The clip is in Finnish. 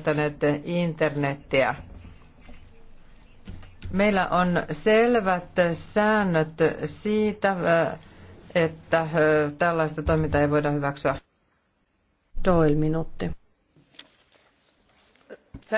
käyttäneet internettiä. Meillä on selvät säännöt siitä, että tällaista toimintaa ei voida hyväksyä. Toil minuutti.